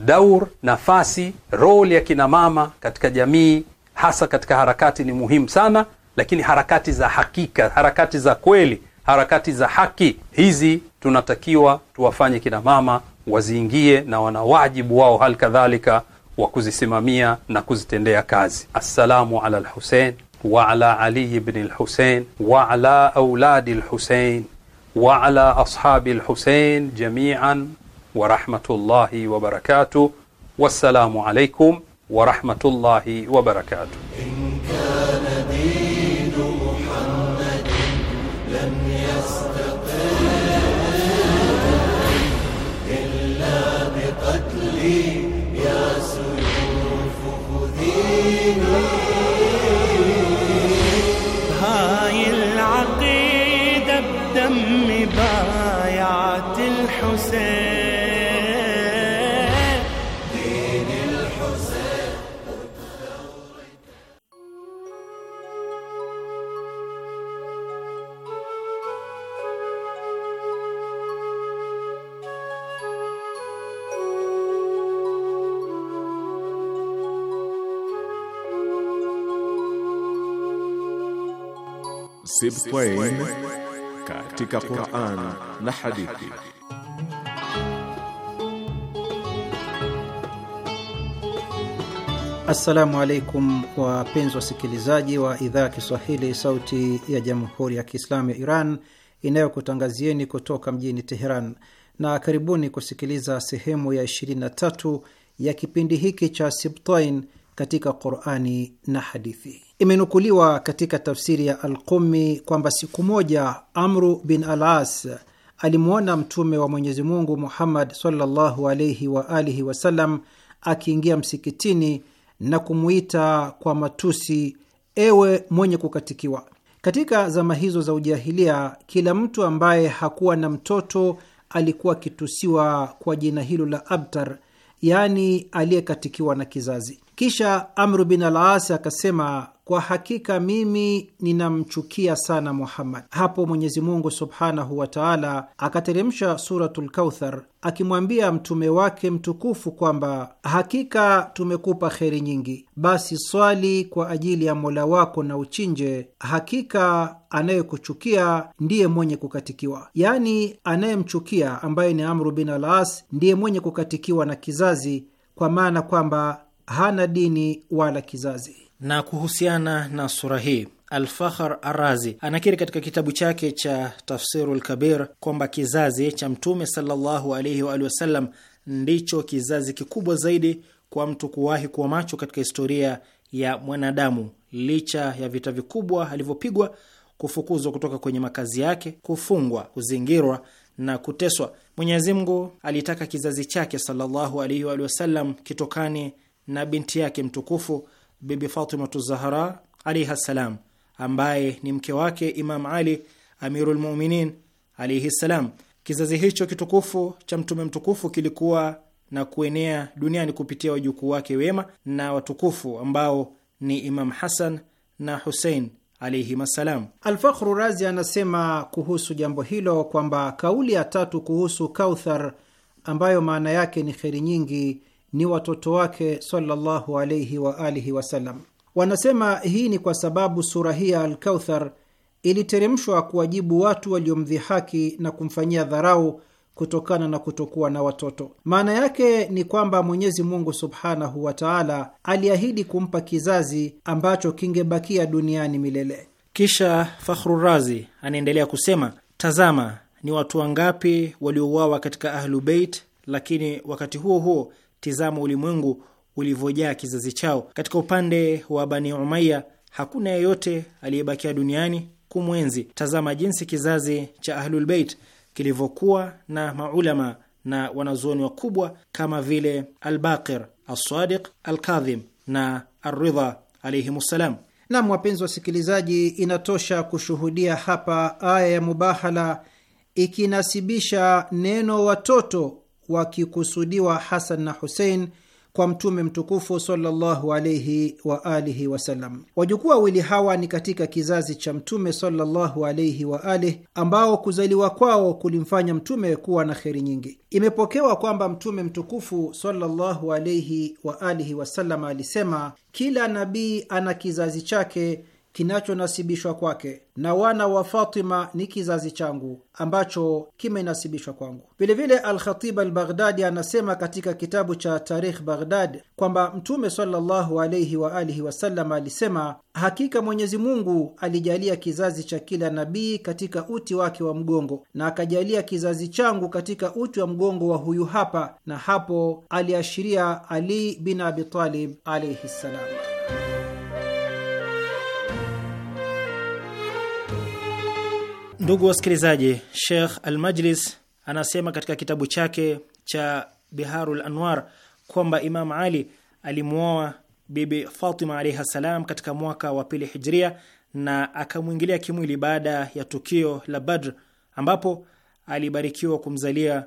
daur, nafasi, role ya kinamama katika jamii, hasa katika harakati ni muhimu sana, lakini harakati za hakika, harakati za kweli harakati za haki hizi tunatakiwa tuwafanye kina mama waziingie, na wana wajibu wao hali kadhalika wa kuzisimamia na kuzitendea kazi. Assalamu ala lhusein wa ala aliyi bni lhusein wa ala auladi lhusein wa ala ashabi lhusein jamian wa rahmatullahi wabarakatuh. Wassalamu alaikum wa wabarakatuh. هاي العقيدة بدم بايعة الحسين Sibtain katika Qur'an na hadithi. Assalamu alaikum wapenzi wasikilizaji wa idhaa ya Kiswahili sauti ya Jamhuri ya Kiislamu ya Iran inayokutangazieni kutoka mjini Teheran na karibuni kusikiliza sehemu ya 23 ya kipindi hiki cha Sibtain katika Qur'ani na hadithi. Imenukuliwa katika tafsiri ya Alqumi kwamba siku moja Amru bin Alas alimwona Mtume wa Mwenyezi Mungu Muhammad sallallahu alaihi wa alihi wasallam akiingia msikitini na kumwita kwa matusi, ewe mwenye kukatikiwa. Katika zama hizo za ujahilia, kila mtu ambaye hakuwa na mtoto alikuwa akitusiwa kwa jina hilo la abtar, yaani aliyekatikiwa na kizazi. Kisha Amru bin al akasema, kwa hakika mimi ninamchukia sana Muhammad. Hapo Mwenyezi Mungu subhanahu wa taala akateremsha Suratu Lkauthar akimwambia mtume wake mtukufu kwamba hakika tumekupa kheri nyingi, basi swali kwa ajili ya mola wako na uchinje. Hakika anayekuchukia ndiye mwenye kukatikiwa, yaani anayemchukia ambaye ni Amru bin al-As ndiye mwenye kukatikiwa na kizazi, kwa maana kwamba hana dini wala kizazi. Na kuhusiana na sura hii Alfahar Arazi anakiri katika kitabu chake cha Tafsiru lkabir kwamba kizazi cha Mtume sallallahu alaihi waalihi wasallam ndicho kizazi kikubwa zaidi kwa mtu kuwahi kuwa macho katika historia ya mwanadamu, licha ya vita vikubwa alivyopigwa, kufukuzwa kutoka kwenye makazi yake, kufungwa, kuzingirwa na kuteswa. Mwenyezi Mungu alitaka kizazi chake sallallahu alaihi waalihi wasallam kitokane na binti yake mtukufu Bibi Fatimatu Zahra alaihi ssalam, ambaye ni mke wake Imam Ali Amirul Muminin alaihi ssalam. Kizazi hicho kitukufu cha mtume mtukufu kilikuwa na kuenea duniani kupitia wajukuu wake wema na watukufu ambao ni Imam Hasan na Husein alaihim assalam. Alfakhru Razi anasema kuhusu jambo hilo kwamba kauli ya tatu kuhusu Kauthar, ambayo maana yake ni kheri nyingi, ni watoto wake sallallahu alayhi wa alihi wasallam. Wanasema hii ni kwa sababu sura hii ya Alkauthar iliteremshwa kuwajibu watu waliomdhihaki na kumfanyia dharau kutokana na kutokuwa na watoto. Maana yake ni kwamba Mwenyezi Mungu subhanahu wa taala aliahidi kumpa kizazi ambacho kingebakia duniani milele. Kisha Fakhrurazi anaendelea kusema, tazama ni watu wangapi waliouawa katika Ahlubeit, lakini wakati huo huo Tizama ulimwengu ulivyojaa kizazi chao. Katika upande wa Bani Umaya hakuna yeyote aliyebakia duniani kumwenzi. Tazama jinsi kizazi cha Ahlulbeit kilivyokuwa na maulama na wanazuoni wakubwa kama vile Albaqir, Alsadiq, Alkadhim na aridha alaihimussalam. Nam, wapenzi wasikilizaji, inatosha kushuhudia hapa aya ya mubahala ikinasibisha neno watoto wakikusudiwa Hasan na Husein kwa Mtume mtukufu sallallahu alaihi wa alihi wasallam. Wajukuu wawili hawa ni katika kizazi cha Mtume sallallahu alaihi wa alihi, ambao kuzaliwa kwao kulimfanya Mtume kuwa na kheri nyingi. Imepokewa kwamba Mtume mtukufu sallallahu alaihi wa alihi wasallam alisema, kila nabii ana kizazi chake kinachonasibishwa kwake na wana wa Fatima ni kizazi changu ambacho kimenasibishwa kwangu. Vilevile, Alkhatib Albaghdadi anasema katika kitabu cha Tarikh Baghdad kwamba Mtume sallallahu alaihi wa alihi wasallam alisema, hakika Mwenyezi Mungu alijalia kizazi cha kila nabii katika uti wake wa mgongo na akajalia kizazi changu katika uti wa mgongo wa huyu hapa, na hapo aliashiria Ali bin Abitalib alaihi ssalam. Ndugu wasikilizaji, Sheikh Almajlis anasema katika kitabu chake cha Biharul Anwar kwamba Imam Ali alimwoa Bibi Fatima alaihi ssalam katika mwaka wa pili Hijria na akamwingilia kimwili baada ya tukio la Badr ambapo alibarikiwa kumzalia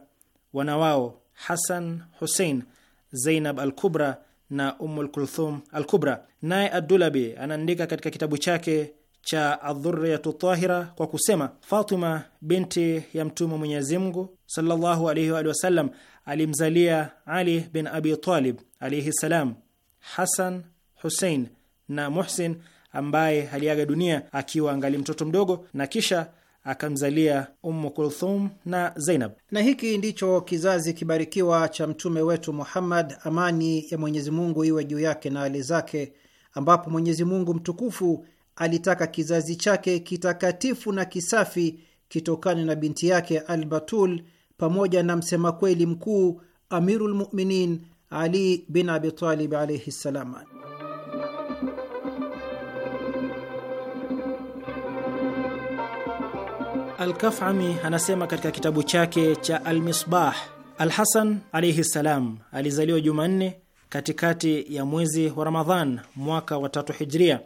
wana wao Hasan, Husein, Zainab al Kubra na Ummul Kulthum al Kubra. Naye Adulabi anaandika katika kitabu chake cha Adhurriyatu Tahira kwa kusema, Fatima binti ya Mtume Mwenyezi Mungu sallallahu alaihi wa sallam alimzalia Ali bin Abi Talib alaihi salam Hasan, Husein na Muhsin ambaye aliaga dunia akiwa angali mtoto mdogo na kisha akamzalia Ummu Kulthum na Zainab. Na hiki ndicho kizazi kibarikiwa cha mtume wetu Muhammad, amani ya Mwenyezi Mungu iwe juu yake na hali zake, ambapo Mwenyezi Mungu mtukufu alitaka kizazi chake kitakatifu na kisafi kitokane na binti yake Albatul pamoja na msema kweli mkuu amirulmuminin Ali bin Abitalib alaihi ssalam. Alkafami anasema katika kitabu chake cha Almisbah, Alhasan alaihi ssalam alizaliwa Jumanne katikati ya mwezi wa Ramadhan mwaka wa tatu hijria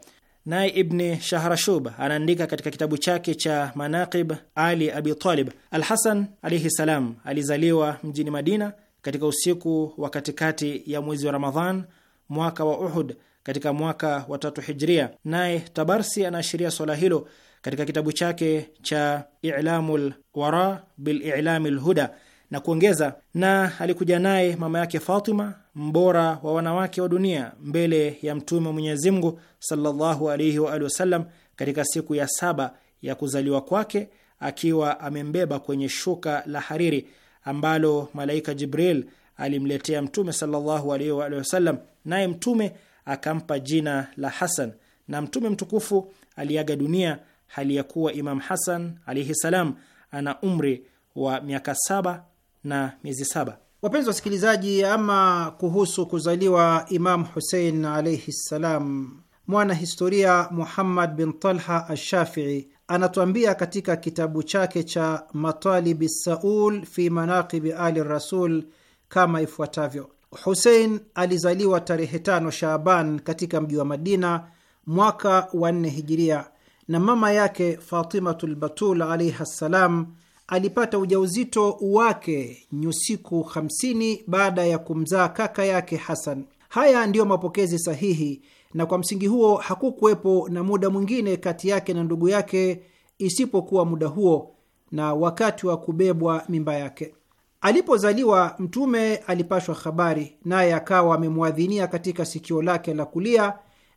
Naye Ibni Shahrashub anaandika katika kitabu chake cha Manaqib Ali Abi Talib, Al-Hasan alaihi salam alizaliwa mjini Madina katika usiku wa katikati ya mwezi wa Ramadhan mwaka wa Uhud katika mwaka wa tatu Hijria. Naye Tabarsi anaashiria swala hilo katika kitabu chake cha Ilamul Wara Bililami lhuda na kuongeza, na alikuja naye mama yake Fatima, mbora wa wanawake wa dunia, mbele ya Mtume wa Mwenyezi Mungu sallallahu alaihi wa alihi wasallam katika siku ya saba ya kuzaliwa kwake, akiwa amembeba kwenye shuka la hariri ambalo malaika Jibril alimletea Mtume sallallahu alaihi wa alihi wasallam, naye Mtume akampa jina la Hasan. Na Mtume mtukufu aliaga dunia hali ya kuwa Imam Hasan alaihi salam ana umri wa miaka saba na miezi saba. Wapenzi wasikilizaji, ama kuhusu kuzaliwa Imam Husein alaihi ssalam, mwanahistoria Muhammad bin Talha Ashafii anatuambia katika kitabu chake cha Matalibi Saul fi Manaqibi Ali Rasul kama ifuatavyo: Husein alizaliwa tarehe tano Shaaban katika mji wa Madina mwaka wa nne Hijiria, na mama yake Fatimatu lbatul alaihi ssalam alipata ujauzito wake nyusiku 50 baada ya kumzaa kaka yake Hasan. Haya ndiyo mapokezi sahihi, na kwa msingi huo hakukuwepo na muda mwingine kati yake na ndugu yake isipokuwa muda huo na wakati wa kubebwa mimba yake. Alipozaliwa Mtume alipashwa habari, naye akawa amemwadhinia katika sikio lake la kulia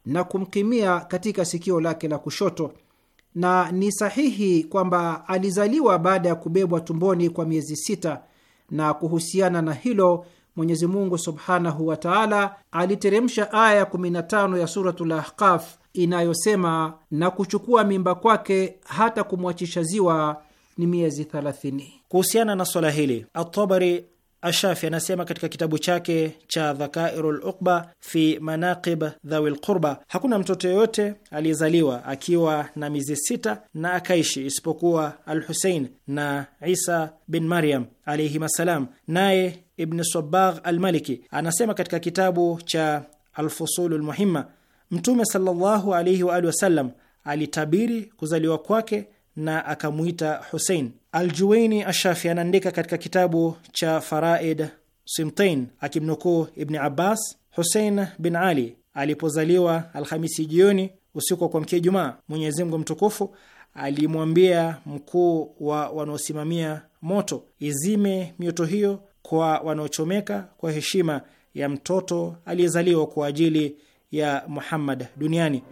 na kumkimia katika sikio lake la kushoto na ni sahihi kwamba alizaliwa baada ya kubebwa tumboni kwa miezi sita, na kuhusiana na hilo Mwenyezi Mungu subhanahu wa taala aliteremsha aya ya 15 ya Suratul Ahqaf inayosema, na kuchukua mimba kwake hata kumwachisha ziwa ni miezi 30. Kuhusiana na swala hili Atabari Ashafi anasema katika kitabu chake cha Dhakairu luqba fi manaqib dhawi lqurba, hakuna mtoto yoyote aliyezaliwa akiwa na miezi sita na akaishi isipokuwa al Husein na Isa bin Maryam alaihim assalam. Naye Ibn Sabagh Almaliki anasema katika kitabu cha Alfusulu lmuhima Mtume sallallahu alaihi waalihi wasallam alitabiri kuzaliwa kwake na akamwita Husein. Aljuwaini Ashafi anaandika katika kitabu cha Faraid Simtain akimnukuu Ibni Abbas, Husein bin Ali alipozaliwa Alhamisi jioni usiku wa kuamkia Ijumaa, Mwenyezi Mungu mtukufu alimwambia mkuu wa wanaosimamia moto, izime mioto hiyo kwa wanaochomeka kwa heshima ya mtoto aliyezaliwa kwa ajili ya Muhammad duniani.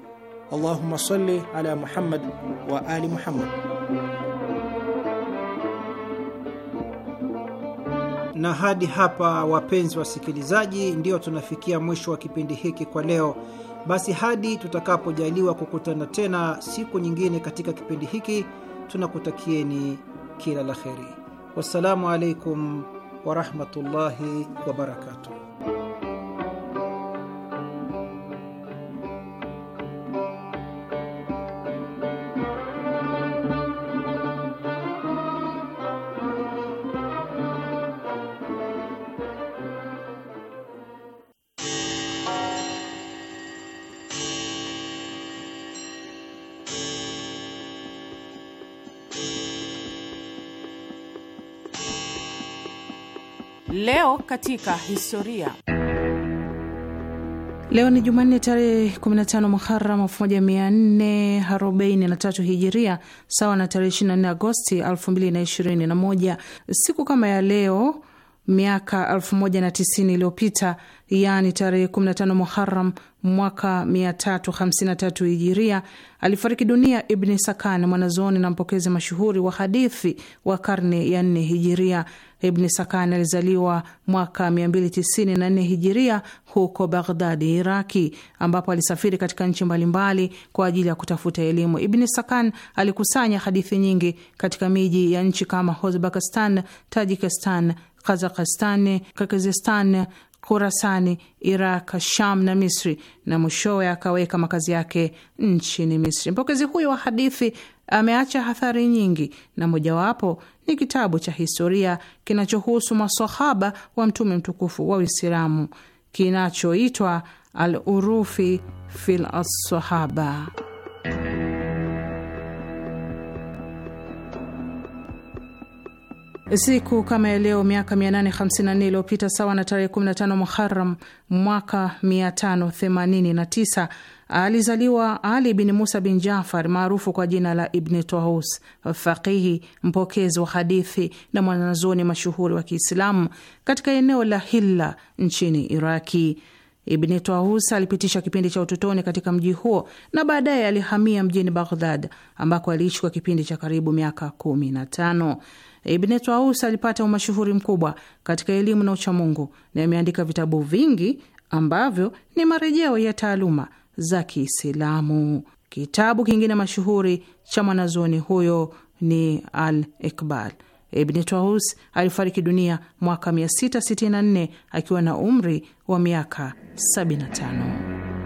Allahumma salli ala Muhammad wa ali Muhammad. Na hadi hapa, wapenzi wasikilizaji, ndio tunafikia mwisho wa kipindi hiki kwa leo. Basi hadi tutakapojaliwa kukutana tena siku nyingine katika kipindi hiki, tunakutakieni kila la kheri. Wassalamu alaikum warahmatullahi wabarakatuh. Leo katika historia. Leo ni Jumanne tarehe 15 Muharam 1443 Hijiria, sawa na tarehe 24 Agosti 2021. Siku kama ya leo miaka 1090 iliyopita, yaani tarehe 15 Muharam mwaka 353 Hijiria, alifariki dunia Ibni Sakan, mwanazuoni na mpokezi mashuhuri wa hadithi wa karne ya 4 Hijiria. Ibni Sakan alizaliwa mwaka 294 Hijiria huko Baghdadi, Iraki, ambapo alisafiri katika nchi mbalimbali kwa ajili ya kutafuta elimu. Ibni Sakan alikusanya hadithi nyingi katika miji ya nchi kama Uzbekistan, Tajikistan Kazakistani, Kirgizistani, Kurasani, Iraq, Sham na Misri, na mwishowe akaweka makazi yake nchini Misri. Mpokezi huyo wa hadithi ameacha hathari nyingi, na mojawapo ni kitabu cha historia kinachohusu masahaba wa Mtume mtukufu wa Uislamu kinachoitwa Al Urufi fil Assahaba. Siku kama ya leo miaka 854 iliyopita sawa na tarehe 15 Muharam mwaka 589 alizaliwa Ali bin Musa bin Jafar maarufu kwa jina la Ibni Tawus, faqihi mpokezi wa hadithi na mwanazuoni mashuhuri wa Kiislamu katika eneo la Hilla nchini Iraki. Ibni Tawus alipitisha kipindi cha utotoni katika mji huo na baadaye alihamia mjini Baghdad ambako aliishi kwa kipindi cha karibu miaka 15. Ibn Tawus alipata umashuhuri mkubwa katika elimu na uchamungu na ameandika vitabu vingi ambavyo ni marejeo ya taaluma za Kiislamu. Kitabu kingine mashuhuri cha mwanazuoni huyo ni Al Ikbal. Ibn Tawus alifariki dunia mwaka 664 akiwa na umri wa miaka 75.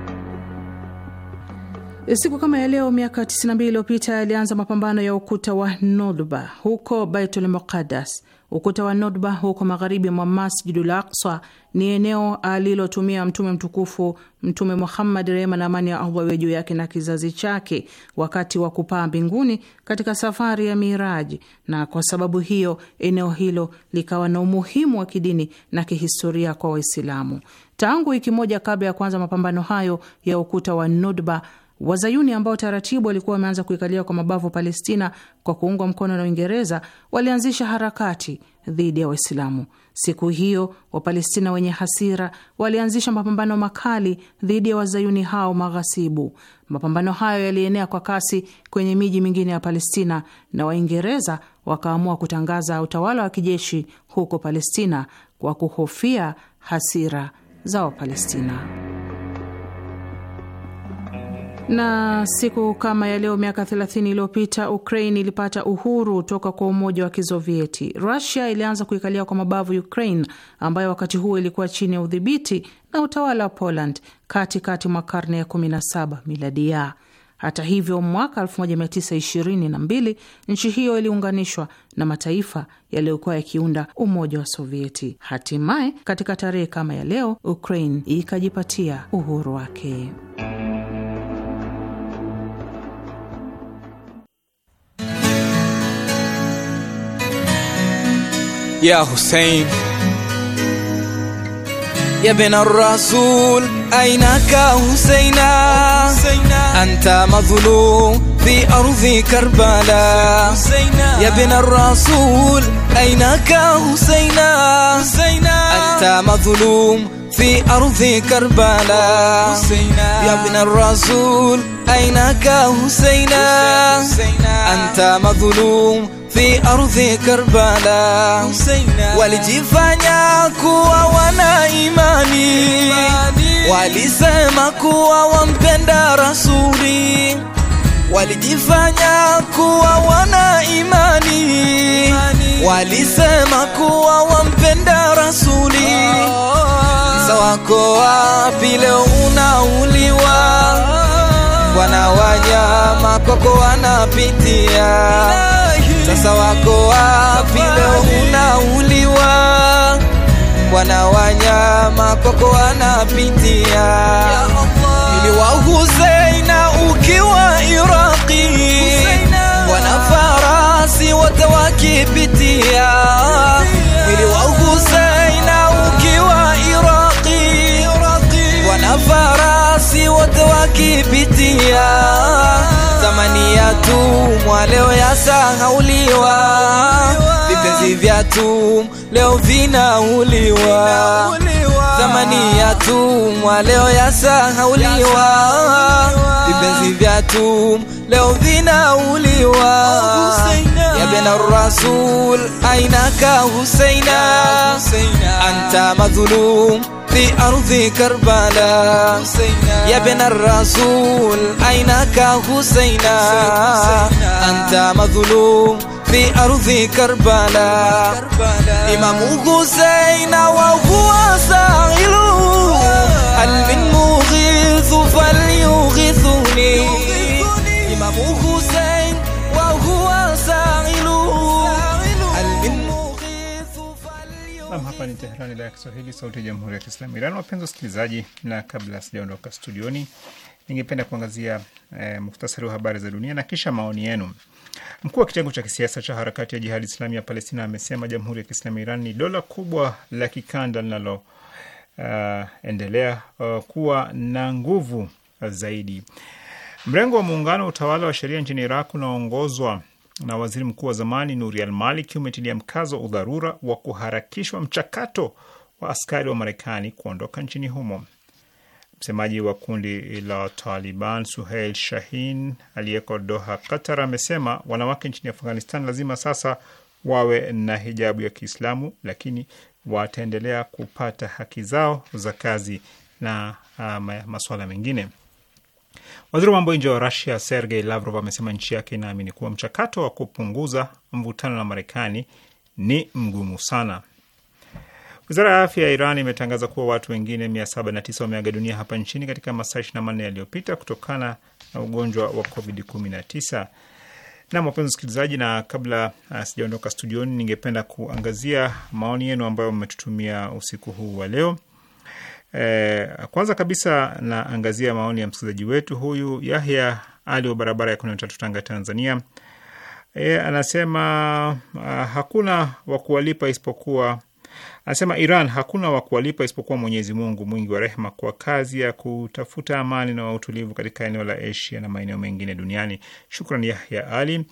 Siku kama ya leo miaka 92 iliyopita yalianza mapambano ya ukuta wa Nodba huko Baitul Muqaddas. Ukuta wa Nodba huko magharibi mwa Masjidul Aqsa ni eneo alilotumia Mtume mtukufu Mtume Muhammad, rehema na amani ya Allah juu yake na kizazi chake, wakati wa kupaa mbinguni katika safari ya Miraji, na kwa sababu hiyo eneo hilo likawa na umuhimu wa kidini na kihistoria kwa Waislamu. Tangu wiki moja kabla ya kuanza mapambano hayo ya ukuta wa Nodba Wazayuni ambao taratibu walikuwa wameanza kuikalia kwa mabavu Palestina kwa kuungwa mkono na Uingereza walianzisha harakati dhidi ya Waislamu. Siku hiyo Wapalestina wenye hasira walianzisha mapambano makali dhidi ya wazayuni hao maghasibu. Mapambano hayo yalienea kwa kasi kwenye miji mingine ya Palestina na Waingereza wakaamua kutangaza utawala wa kijeshi huko Palestina kwa kuhofia hasira za Wapalestina. Na siku kama ya leo miaka 30 iliyopita Ukraine ilipata uhuru toka kwa Umoja wa Kisovieti. Rusia ilianza kuikalia kwa mabavu Ukraine ambayo wakati huo ilikuwa chini ya udhibiti na utawala wa Poland katikati mwa karne ya 17 miladia. Hata hivyo, mwaka 1922 nchi hiyo iliunganishwa na mataifa yaliyokuwa yakiunda Umoja wa Sovieti. Hatimaye katika tarehe kama ya leo Ukraine ikajipatia uhuru wake. يا حسين يا بن الرسول أينك حسينا أنت مظلوم في أرض كربلاء يا بن الرسول أينك حسينا أنت مظلوم في أرض كربلاء يا بن الرسول أينك حسينا أنت مظلوم fi ardhi Karbala, walijifanya kuwa wana imani, walisema kuwa wampenda Rasuli, walijifanya kuwa wana imani, walisema kuwa wampenda Rasuli. Ah. Sasa wako wapi leo unauliwa, ah. wana wanyama kwako wanapitia sasa wako wapi leo unauliwa? Bwana wanyama koko anapitia ili wa Huseina ukiwa Iraqi, wana farasi wote wakipitia ili wa ukiwa Iraqi, farasi wote wakipitia zamani ya tumwa, leo yasahauliwa, vipenzi vya tum leo vinauliwa, zamani ya tumwa, leo yasahauliwa, vipenzi vya tum leo vinauliwa na Rasul ainaka Husaina, anta madhulum في أرض كربلاء يا ابن الرسول أينك حسينا أنت مظلوم في أرض كربلاء إمام حسين وهو سائل هل من مغيث فليغيثني Hapa ni Teherani, idhaa ya Kiswahili, sauti ya jamhuri ya kiislamu Iran. Wapenzi wasikilizaji, na kabla sijaondoka studioni, ningependa kuangazia eh, muktasari wa habari za dunia na kisha maoni yenu. Mkuu wa kitengo cha kisiasa cha harakati ya Jihadi Islami ya Palestina amesema jamhuri ya kiislamu Iran ni dola kubwa la kikanda linaloendelea eh, uh, eh, uh, kuwa na nguvu zaidi. Mrengo wa muungano wa utawala wa sheria nchini Iraq unaongozwa na waziri mkuu wa zamani Nuri al-Maliki umetilia mkazo udharura wa kuharakishwa mchakato wa askari wa Marekani kuondoka nchini humo. Msemaji wa kundi la Taliban Suheil Shahin aliyeko Doha, Qatar, amesema wanawake nchini Afghanistan lazima sasa wawe na hijabu ya Kiislamu, lakini wataendelea kupata haki zao za kazi na uh, ah, masuala mengine. Waziri wa mambo nje wa Rusia Sergei Lavrov amesema nchi yake inaamini kuwa mchakato wa kupunguza mvutano na Marekani ni mgumu sana. Wizara ya afya ya Iran imetangaza kuwa watu wengine 709 wameaga dunia hapa nchini katika masaa 24 yaliyopita kutokana na ugonjwa wa COVID-19. Na wapenzi wasikilizaji, na kabla ah, sijaondoka studioni, ningependa kuangazia maoni yenu ambayo mmetutumia usiku huu wa leo. E, kwanza kabisa naangazia maoni ya msikilizaji wetu huyu Yahya Ali wa barabara ya kumi na tatu Tanga, Tanzania. E, anasema uh, hakuna wa kuwalipa isipokuwa anasema Iran hakuna wa kuwalipa isipokuwa Mwenyezi Mungu mwingi wa rehema kwa kazi ya kutafuta amani na utulivu katika eneo la Asia na maeneo mengine duniani. Shukran Yahya Ali.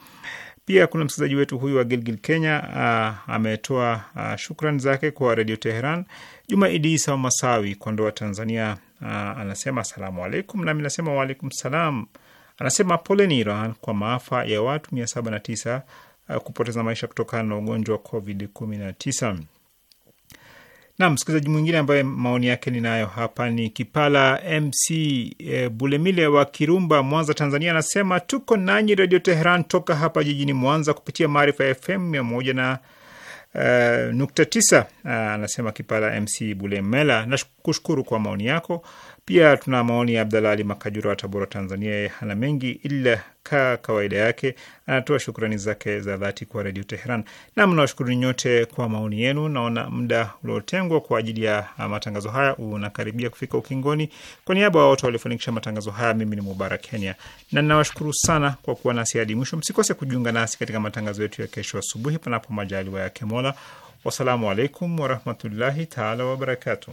Pia kuna msikilizaji wetu huyu wa Gilgil, Kenya ah, ametoa ah, shukran zake kwa Redio Teheran Juma Idi Isa wa Masawi, Kondoa, Tanzania, uh, anasema asalamu alaikum, nami nasema waalaikum salam. Anasema poleni Iran kwa maafa ya watu tisa uh, kupoteza maisha kutokana na ugonjwa wa Covid 19. Na msikilizaji mwingine ambaye maoni yake ninayo hapa ni Kipala MC e, eh, Bulemile wa Kirumba, Mwanza, Tanzania, anasema tuko nanyi Redio Teheran toka hapa jijini Mwanza kupitia Maarifa FM mia moja na Eh, nukta tisa. Eh, anasema Kipala MC Bulemela, nakushukuru kwa maoni yako. Pia tuna maoni ya Abdalla Ali Makajura wa Tabora, Tanzania. Yeye hana mengi ila ka kawaida yake anatoa shukrani zake za dhati kwa Redio Teheran. Nam, nawashukuru nyote kwa maoni yenu. Naona muda uliotengwa kwa ajili ya matangazo haya unakaribia kufika ukingoni. Kwa niaba ya wote waliofanikisha matangazo haya, mimi ni Mubarak Kenya na ninawashukuru sana kwa kuwa nasi hadi mwisho. Msikose kujiunga nasi katika matangazo yetu ya kesho asubuhi, panapo majaliwa yake Mola. Wassalamu alaikum warahmatullahi taala wabarakatuh.